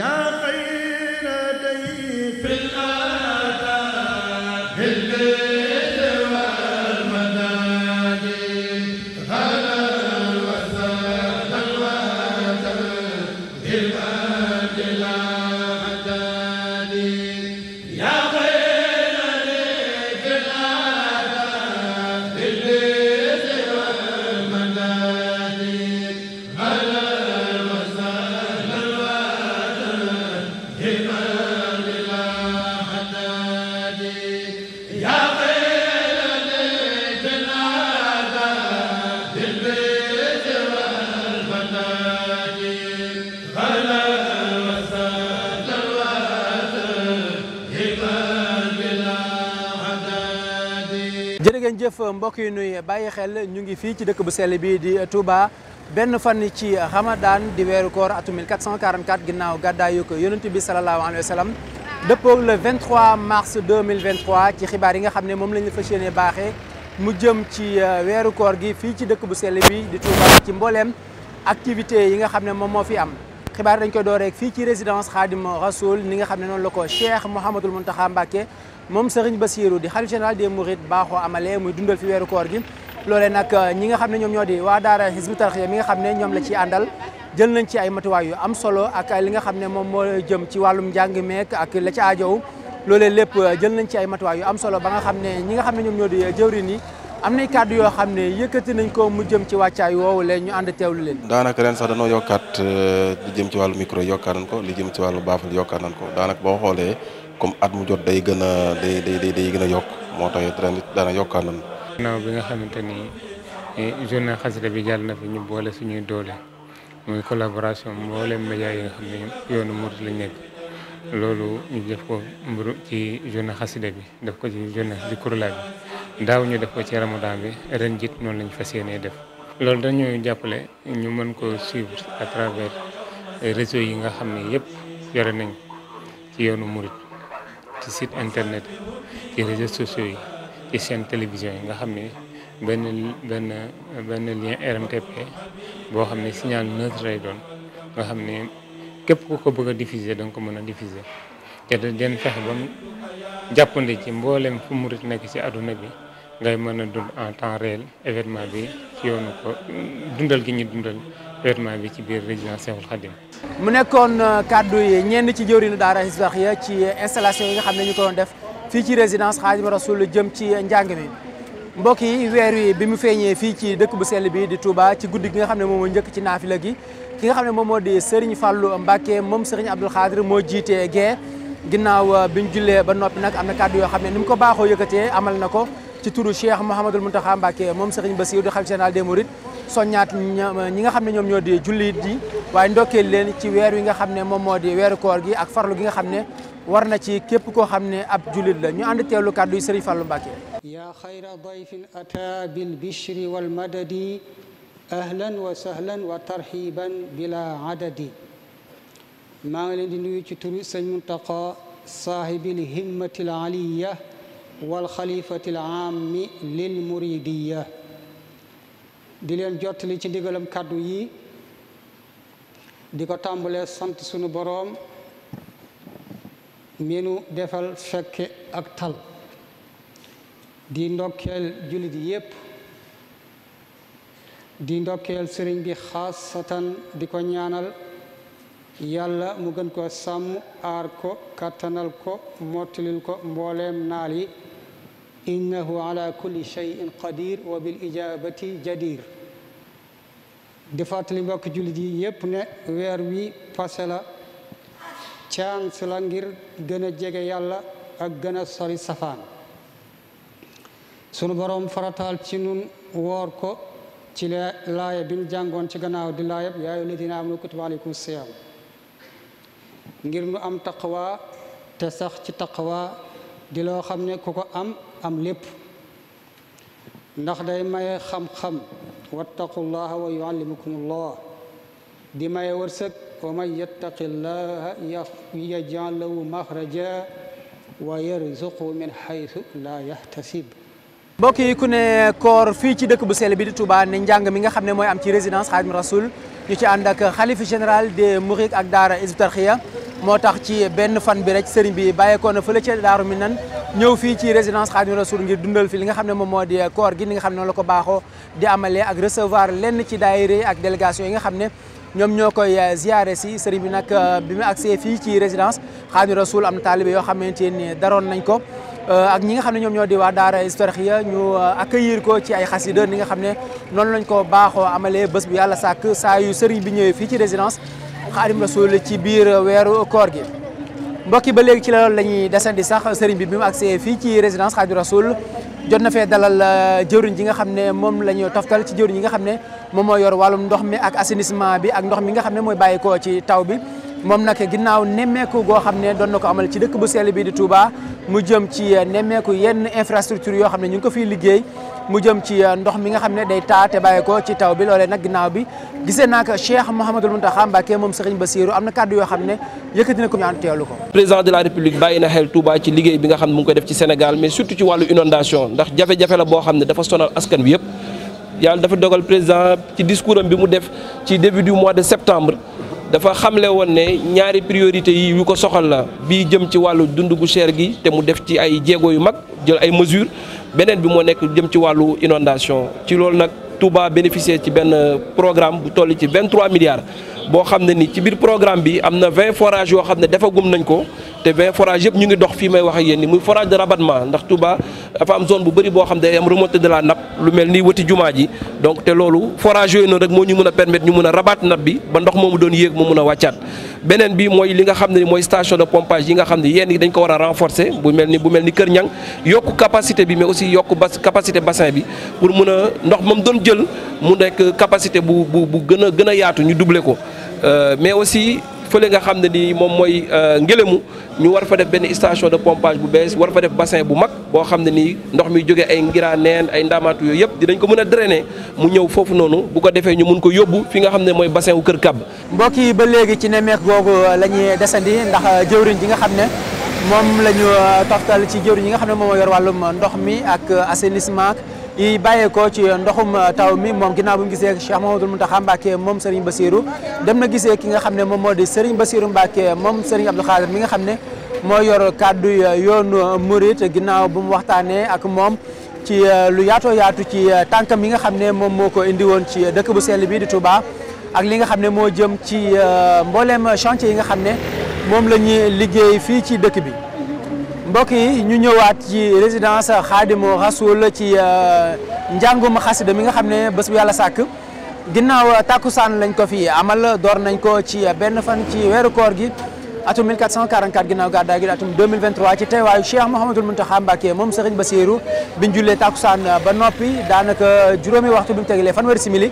yaa xayra day jëf mbokk yi nuy bàyyi xel ñu ngi fii ci dëkk bu sell bi di Touba benn fan ci Ramadan di weeru koor atum 1444 ginnaaw gàddaayu ko yonent bi salallaahu alayhi wa sallam dëppoo le 23 mars 2023 ci xibaar yi nga xam ne moom lañu fas yéene baaxee mu jëm ci euh, weeru koor gi fii ci dëkk bu sell bi di Touba ci mbooleem activité yi nga xam ne moom moo fi am xibaar dañ koy door rek fii ci résidence Khadim Rasoul ni nga xam ne noonu la ko Cheikh Mouhamadoul Mountakha Mbacké moom ba Bassirou di xalif général des Mourides baaxoo amale muy dundal fi weeru koor gi loole nag euh, ñi nga xam ne ñoom ñoo di waa daara Hizbut Tarqiyyah mi nga xam ne ñoom la ciy àndal jël nañ ci ay matuwaay yu am solo ak li nga xam ne moom moo jëm ci wàllum njàng meek ak la ci aajow loolee lépp euh, jël nañ ci ay matuwaay yu am solo ba nga xam ne ñi nga xam ne ñoom ñoo di euh, jëwrin yi am nay kàddu yoo xam ne yëkkati nañ ko mu jëm ci wàccaay woowu leen ñu ànd teewlu leen daanaka ren sax danoo yokkaat euh, li jëm ci wàllu micro yokkaat nañ ko li jëm ci wàllu baafal yokkaat ko daanaka boo xoolee comme at mu jot day gën a day day day gën a yokk moo tax it ren it daana yokkaat nañ ginnaaw bi nga xamante ni eh, journée xasida bi jàll na fi ñu boole suñuy doole muy collaboration mbooleem média yi nga xam ne yoonu murit lañu nekk loolu ñu def ko mburu ci journée xasida bi def ko ci journée di kurla bi daaw ñu def ko ci ramadan bi ren jit noonu lañu fas yéenee def loolu dañuy jàppale ñu mën ko suivre à travers euh, réseau yi nga xam ne yëpp yore nañ ci yoonu murit ci site internet ci réseaux sociaux yi ci seen télévision yi nga xam ne benn benn benn lien RMTP boo xam ne signal neutre lay doon nga xam ne képp ku ko bëgg a diffuser da nga ko mën a diffuser te den fexe ba mu jàppandi ci mboolem fu murit nekk ci àdduna bi ngay mën a dund en temps réel événement bi ci yoonu ko dundal gi ñu dundal événement bi ci biir résidence Cheikhoul Khadim mu nekkoon euh, kàddu yi ñenn ci jëwriñu daara Hizbut-Tarqiyyah ci installation yi nga xam ne ñu ko doon def fii ci résidence Khadim Rasoul jëm ci njàng mi mbokk yi weer wi bi mu feeñee fii ci dëkk bu sell bi di Touba ci guddi gi nga xam ne moom moo njëkk ci naafila gi ki nga xam ne moom moo di Serigne Fallou Mbacké moom Serigne Abdoul Khadir moo jiite gee ginnaaw euh, bi ñu jullee ba noppi nag am na kàddu yoo xam ne ni ko baaxoo yëkkatee amal na ko ci turu Cheikh Mouhamadul Mountakha Mbacké moom Serigne Bassirou di xalif général des Mourides soññaat ñi nga xam ne ñoom ñoo di julit yi waaye ndokkeel leen ci weer wi nga xam ne moom moo di weer koor gi ak farlu gi nga xam ne war na ci képp koo xam ne ab jullit la ñu ànd teewlu kàddu yi Serigne Fallou Mbacké yaa xayra dayfin ata bi bishri wal madadi ahlan wa sahlan wa tarxiban bila adadi maa ngi leen di nuyu ci turu sëñ Mountakha saahibil himmatil aliya walxalifati l aami lil muridiya di leen jottali ci ndigalam kàddu yi di ko tàmbalee sant sunu boroom minu defal fekke ak tal di ndokkeel jullit yépp di ndokkeel sëriñ bi xaasatan di ko ñaanal yàlla mu gën ko sàmm aar ko kàttanal ko mottilil ko mbooleem naal yi innahu ala kulli shay'in qadir wa bil ijabati jadir di fàttali mbokk jullit yi yépp ne weer wi passé la chance ngir gën a jege yàlla ak gën a safaan sunu boroom farataal ci nun woor ko ci laaya bi ñu jàngoon ci gannaaw di laayab yaa ayyuhal ladiina aamanu kutiba aleykum siyaam ngir nu am taqwa te sax ci taqwa di loo xam ne ku ko am am lépp ndax day maye xam-xam wattaqullaha wa yuallimukumullah di maye wërsëg wa man yattaqillaha yaj'al lahu maxraja wa yarzuqu min xaytu la yaxtasib mbokk yi ku ne koor fii ci dëkk bu sell bi di Touba ne njàng mi nga xam ne mooy am ci résidence Xaadim Rasul ñu ci ànd ak xalifa général des Mourides ak daara Hizbut Tarqiyyah moo tax ci benn fan bi rek sëriñ bi bàyyeekoo na fële ca Daaru nan ñëw fii ci résidence Xaadimu Rasuul ngir dundal fii li nga xam ne moom moo di koor gi li nga xam ne noonu ko baaxoo di amalee ak lenn ci daayira ak délégation yi nga xam ne ñoom ñoo koy euh, ziare si sëriñ bi nag euh, bi mu agsee fii ci résidence Xaadimu suul am na yoo xamante ni daroon nañ ko euh, ak ñi nga xam ne ñoom ñoo di waa daara historique ñu accueillir ko ci ay xasida ni nga xam ne noonu lañ ko baaxoo amalee bës bu yàlla sàkk saa yu sëriñ bi ñëwee fii ci résidence xaadim rasul ci biir weeru koor gi mbokki ba léegi ci la loolu ñuy desandi sax sëriñ bi bi mu agsee fii ci résidence xaadim rasul jot na fee dalal euh, jëwriñ ji nga xam ne moom la ñu toftal ci jëwriñ yi nga xam ne moom moo yor wàllum ndox mi ak assainissement bi ak ndox mi nga xam ne mooy bàyyi koo ci taw bi moom nag ginnaaw nemmeeku goo xam ne doon na ko amal ci dëkk bu sell bi di Touba mu jëm ci eh, nemmeeku yenn infrastructure yoo xam ne ñu ngi ko fiy liggéey mu jëm ci eh, ndox mi nga xam ne day taa te bàyyi ko ci taw bi loolee nag ginnaaw bi gisee naa ko Cheikh Mouhamadul Mountakha Mbacké moom ba Bassirou am na kàddu yoo xam ne yëkkati na ko ñu teelu ko président de la république bàyyi na xel Touba ci liggéey bi nga xam ne mu ngi ko def ci Sénégal mais surtout ci wàllu inondation ndax jafe la boo xam ne dafa askan yëpp yàlla dafa dogal président ci discours am bi mu def ci début du mois de septembre dafa xamle woon ne ñaari priorité yi yu ko soxal la bii jëm ci wàllu dund gu cher gi te mu def ci ay jéego yu mag jël ay mesures beneen bi moo nekk jëm ci wàllu inondation ci loolu nag Touba bénéficier ci benn programme bu toll ci 23 milliards boo xam ne ni ci biir programme bi am na 20 forage yoo xam ne defagum nañ ko. te vingt forage yëpp ñu ngi dox fii may wax ak yéen ni muy forage de rabattement ndax Touba dafa am zone bu bëri boo xam day am remontée de la nappe lu mel ni wëti jumaa ji donc te loolu forage yooyu noonu rek moo ñu mën a permettre ñu mën a rabat nappe bi ba ndox moomu doon yéeg mu mën a wàccaat beneen bi mooy li nga xam ne mooy station de pompage yi nga xam ne yéen yi dañ ko war renforce bu mel ni bu mel ni Kër Ñang yokk capacité bi mais aussi yokk bas capacité bassin bi pour mën a ndox moom doon jël mu nekk capacité bu bu bu gën a gën a yaatu ñu doubler ko euh, fële nga xam ne nii moom mooy euh, ngelamu ñu war fa def benn station de pompage bu bees war fa def bassin bu mag boo xam ne nii ndox mi jóge ay ngira neen ay ndaamaatu yooyu yëpp dinañ ko mën a drainer mu ñëw foofu noonu bu ko defee ñu mun ko yóbbu fi nga xam ne mooy bassin wu Kër Kab. mbokk yi ba léegi ci nemmeek googu euh, la ñuy desandi ndax euh, jëwriñ ji nga xam ne moom la ñu toftal ci jëwriñ yi nga xam ne moom moo yor wàllum ndox mi ak assainissement. yi bàyyeekoo ci ndoxum uh, taw mi moom ginnaaw bu mu gisee Cheikh Mouhamadoul Mountakha Mbacké moom Serigne Bassirou dem na gisee ki nga xam ne moom moo di Serigne Bassirou Mbacké moom Serigne Abdou Khadir mi nga xam ne moo yor kàdduy uh, yoon uh, Mouride ginnaaw bu mu waxtaanee ak moom ci lu yaatoo yaatu ci tànkam yi nga xam ne moom moo ko indi woon ci dëkk bu sell bi di Touba ak li nga xam ne moo jëm ci mbooleem chance yi nga xam ne moom la ñuy liggéey fii ci dëkk bi mbokk yi ñu ñëwaat ci résidence Khadimou Rassoul ci euh, njàngum xasida mi nga xam ne bés bu yàlla sàkk ginnaaw takkusaan lañ ko fi amal door nañ ko ci benn fan ci weeru koor gi atum 1444 ginnaaw gàddaay gi atum 2023 ci teewaayu Cheikh Mouhamadul Mountakha Mbacké moom Serigne Bassirou biñ jullee takkusaan ba noppi daanaka juróomi waxtu bi mu tegalee fanweeri simili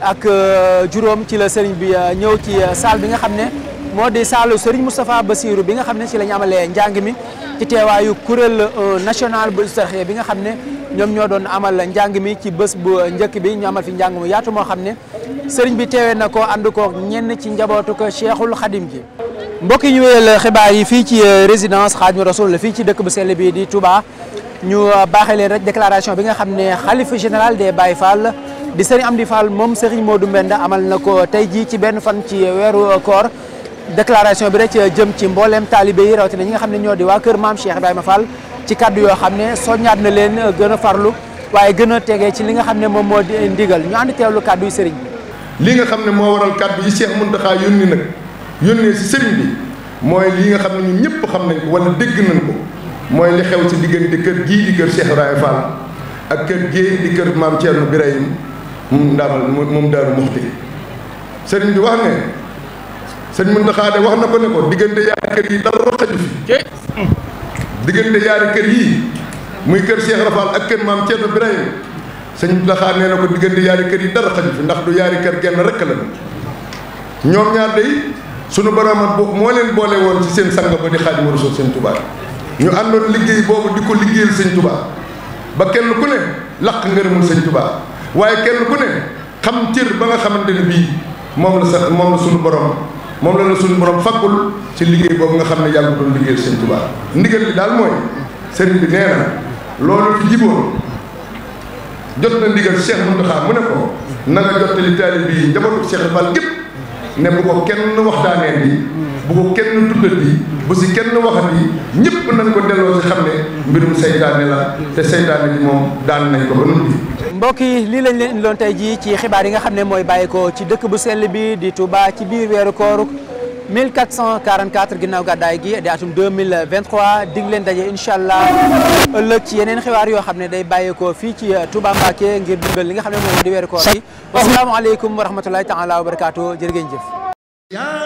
ak euh, juróom ci la Serigne bi euh, ñëw ci salle bi nga xam ne moo di saalu Serigne Moustapha Bassirou bi nga xam ne ci la ñu amalee njàng mi. ci teewaayu kuréel euh, national bu Hizbut-Tarqiyyah bi nga xam ne ñoom ñoo doon amal njàng mi ci bës bu njëkk bi ñu amal fi njàng mu yaatu moo xam ne sëriñ bi teewee na ko ànd ko ñenn ci njabootu ko Cheikhul Khadim gi mbokk yi ñu xibaar yi fii ci euh, résidence Xaadimu Rasuul la fii ci dëkk bu sell bi di Touba ñu euh, baaxee rek déclaration bi nga xam ne xalifa général de Baye Fall di sëriñ Amdi Fall moom sëriñ Modou Mbenda amal na ko tey jii ci benn fan ci weeru koor déclaration bi rek jëm ci mbooleem taalibe yi rawatina ñi nga xam ne ñoo di waa kër maam Cheikh Ibrahima Fall ci kaddu yoo xam ne soññaat na leen gën a farlu waaye gën a tegee ci li nga xam ne moom moo di ndigal ñu ànd teewlu kaddu yi sëriñ bi li nga xam ne moo waral kaddu yi Cheikh Mountakha yónni nag yónnee si sëriñ bi mooy li nga xam ne ñun ñëpp xam nañ ko wala dégg nañ ko mooy li xew ci diggante kër gii di kër Cheikh Ibrahima Fall ak kër gii di kër maam Thierno Birahim moom ndaamal moom daaru muxti sëriñ bi wax ne sëñ Muntaxa de wax na ko ne ko diggante yaari kër yi dara xaju fi diggante yaari kër yii muy kër Cheikh Rafal ak kër maam Thierno Birahim sëñ Muntaxa nee na ko diggante yaari kër yi dara xaju fi du yaari kër genn rekk la ñoom ñaar day sunu borom bo moo leen boole woon ci seen sang ko di Xaadimu Rasuul sëñ Tuubaa ñu àndoon liggéey boobu di ko liggéeyal sëñ Tuubaa ba kenn ku ne laq ngërëmul sëñ Tuubaa waaye kenn ku ne xam cër ba nga xamante ne bii moom la sa moom la sunu borom. moom la la suñu borom fakkul ci liggéey boobu nga xam ne yàlla doon liggéeyal sëñ Tuubaa ndigal bi daal mooy sëriñ bi nee na loolu fi jiboon jot na ndigal Cheikh Mountakha mu ne ko na nga jottali taalib bi njabootu Cheikh Fall gépp ne bu ko kenn waxtaanee bi bu ko kenn tuddal bi bu si kenn waxat yi ñëpp nañ ko delloo si xam ne mbirum seytaane la te seytaane bi moom daan nañ ko ba noppi mbokk yi lii lañ leen indiloon tey jii ci xibaar yi nga xam ne mooy bàyyi ko ci dëkk bu sell bi di Touba ci biir weeru koor 1444 ginnaaw gàddaay gi di atum 2023 dig leen daje incha allah ëllëg ci yeneen xibaar yoo xam ne day bàyyeekoo fii ci euh, Touba Mbacké ngir dugal li nga xam ne moom di weeru koor gi. asalaamaaleykum wa rahmatulahi taala wa barakaatu jërë ngeen jëf.